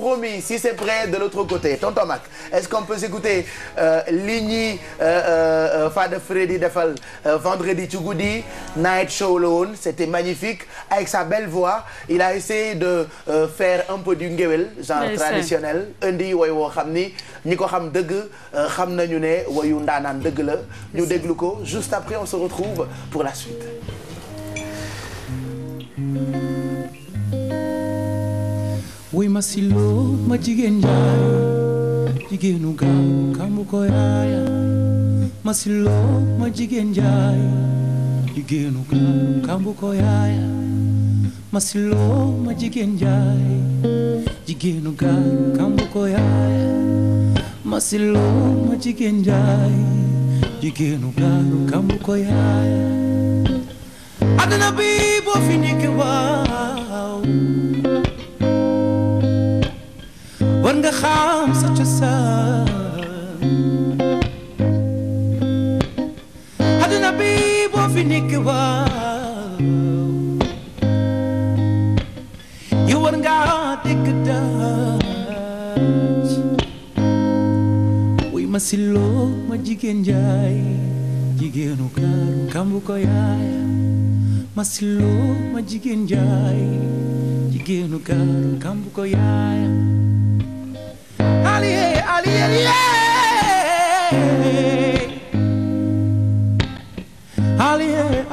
promis si c'est prêt de l'autre côté tonton Mac est-ce qu'on peut s'écouter euh, li ñi euh, euh, Fada Freddy defal vendredi ci guddi night show la woon c'était magnifique avec sa belle voix il a essayé de euh, faire un peu du ngéwél genre traditionnel indi woy woo xam ni ñi ko xam dëgg xam nañu ne woyu ndaanaan dëgg la ñu déglu ko juste après on se retrouve pour la suite wuy ma sillo ma jigéen njaay jigéenu gaaw kamu ko yaaya ma sillo ma jigéen njaay jigéenu gaaw kamu ko yaaya ma sillo ma jigéen njaay jigéenu gaaw kamu ko yaaya ma sillo ma jigéen njaay jigéenu gaaw kamu ko yaaya aduna bi boo fi nekk wa fi nekk waaw yu war ngaa dégg daaj wuy ma siloo ma jigéen jaay jigéenu kaaru kambu ko yaay ma siloo ma jigéen jaay jigéenu kaaru kambu ko yaay aliye aliye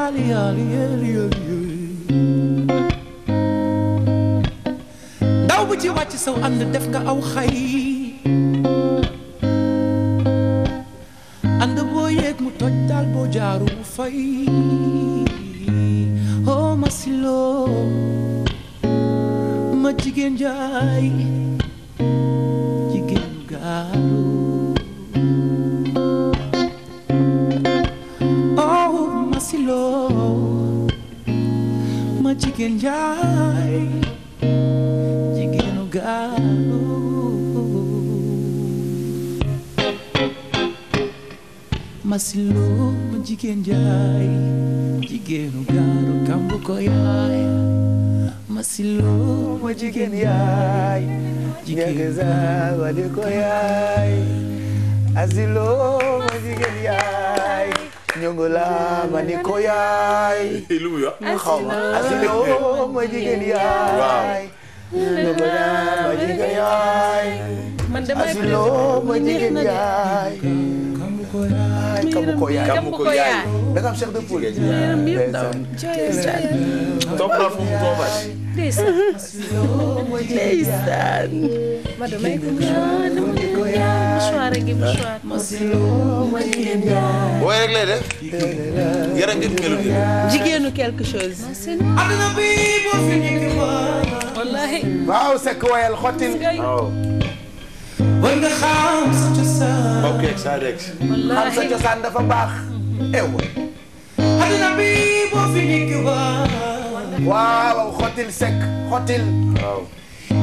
ali, bu ci wàcc saw ànd def nga aw xay ànd boo yéeg mu toj daal boo jaaru fay oh ma siloo ma jigéen jaay jigéenu gaal jigéen njaay jigéenu gaalu masilo ma jigéen njaay jigéenu gaalu kamb ko yaay masilo ma jigéen yaay jigéenu gaalu wali ko yaay asilo ma jigéen yaay ñu ngi la ma ni ko yaay. lu muy wax xaw ma ma jigéen yaay. ñu ngi ma jigéen yaay. yaay kamu ko yaay kamu ko yaay da nga am chef de poule. toppal fu mu toobat. ndeysaan Mado may ko mouchoir a ngi mouchoir. waaye rek lay def yaram yëpp melu ni jigéenu quelque chose. wallaahi. waaw sekk wayal xottil. mën nga xam sa cosaan. mbokk yeeg saa rek. xam sa cosaan dafa baax. ewa. adduna bi boo fi nekk waaw. waaw xotil sek xotil. waaw.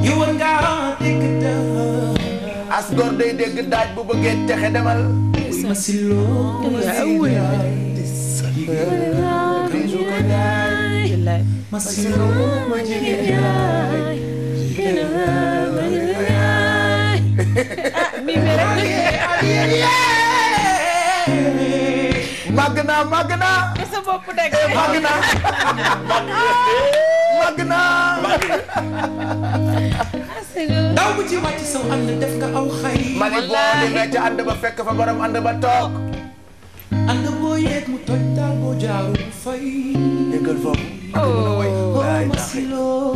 yowoon ngaa dégg daal. as góor day dégg daaj bu bëggee texe demal. ma si loolu ma si loolu ma naa màgg naa. te sa bopp dëgg la eh, màgg naa. màgg naa màgg naa. daaw bu ci wàcc saw ànd def nga aw xay. mani boo demee ca ànd ba fekk fa borom ànd ba toog. ànd boo yeeg mu toj daal boo jaarul fay. déggal foofu. oh ma siloo.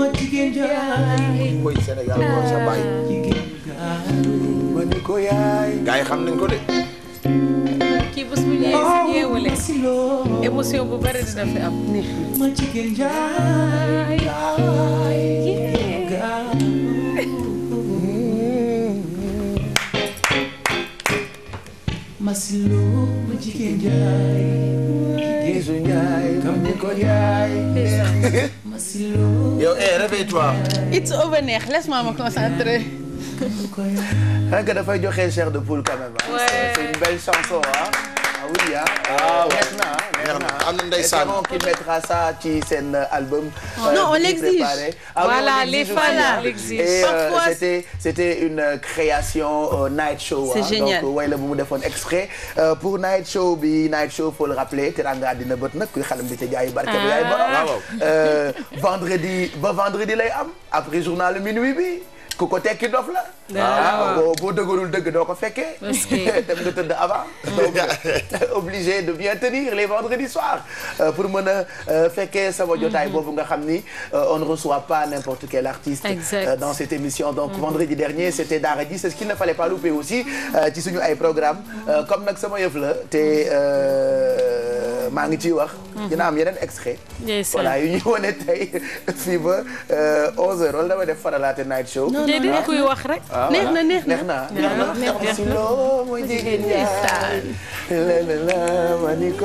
ma jigéen jaay. mooy Sénégal moo sa bàyyi. jigéen jaay. ma ni ko yaay. gars yi xam nañ ko de. kii bés bu ñu yeewale émotion bu bari fi am. ma jigéen njaay Masilo ma jigéen njaay. Gisu njaay kam ni ko njaay. Masilo. yow eh réveille-toi. it's over neex laisse-moi me concentrer. rien que dafay joxe chair de poule quand même. Ouais. c'est une belle chanson ah, ah. ah oui ah. ah waaw neex na am na ndeysaan. qui mettra ça ci seen album. Euh, non on l'exige ah voilà les fans là et euh, c'était c'était une création euh, night show. c'est génial donc way la bu mu defoon extrait pour night show bi night show faut le rappeler teranga dina bët nag kuy xalam di ca jaay barke bi yaay ah. borom. vendredi ba vendredi lay am après journal minuit bi. ku ko tekki dof la. Ah. ah boo boo dëgërul dëgg doo ko fekkee. dem nga tëdd avant. donc mm. obligé de bien tenir les vendredis soirs euh, pour mën a euh, fekkee sa sama jotaay mm-hmm. boobu nga xam ni euh, on ne reçoit pas n'importe quel artiste. dans cette émission donc mm-hmm. vendredi dernier mm-hmm. c'était Daara J c'est ce qu'il ne fallait pas louper aussi ci suñu ay programme comme nag sama yëf la te. maa ngi ciy wax. Mm-hmm. dina am yeneen extrait. voilà yu ñuy wane tey euh, def faralaate night show. déedéet kuy wax rek. Ah, neex na neex na neex na neex na neex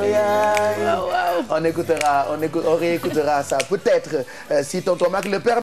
on écoutera on peut-être euh, si tonton Mac le permet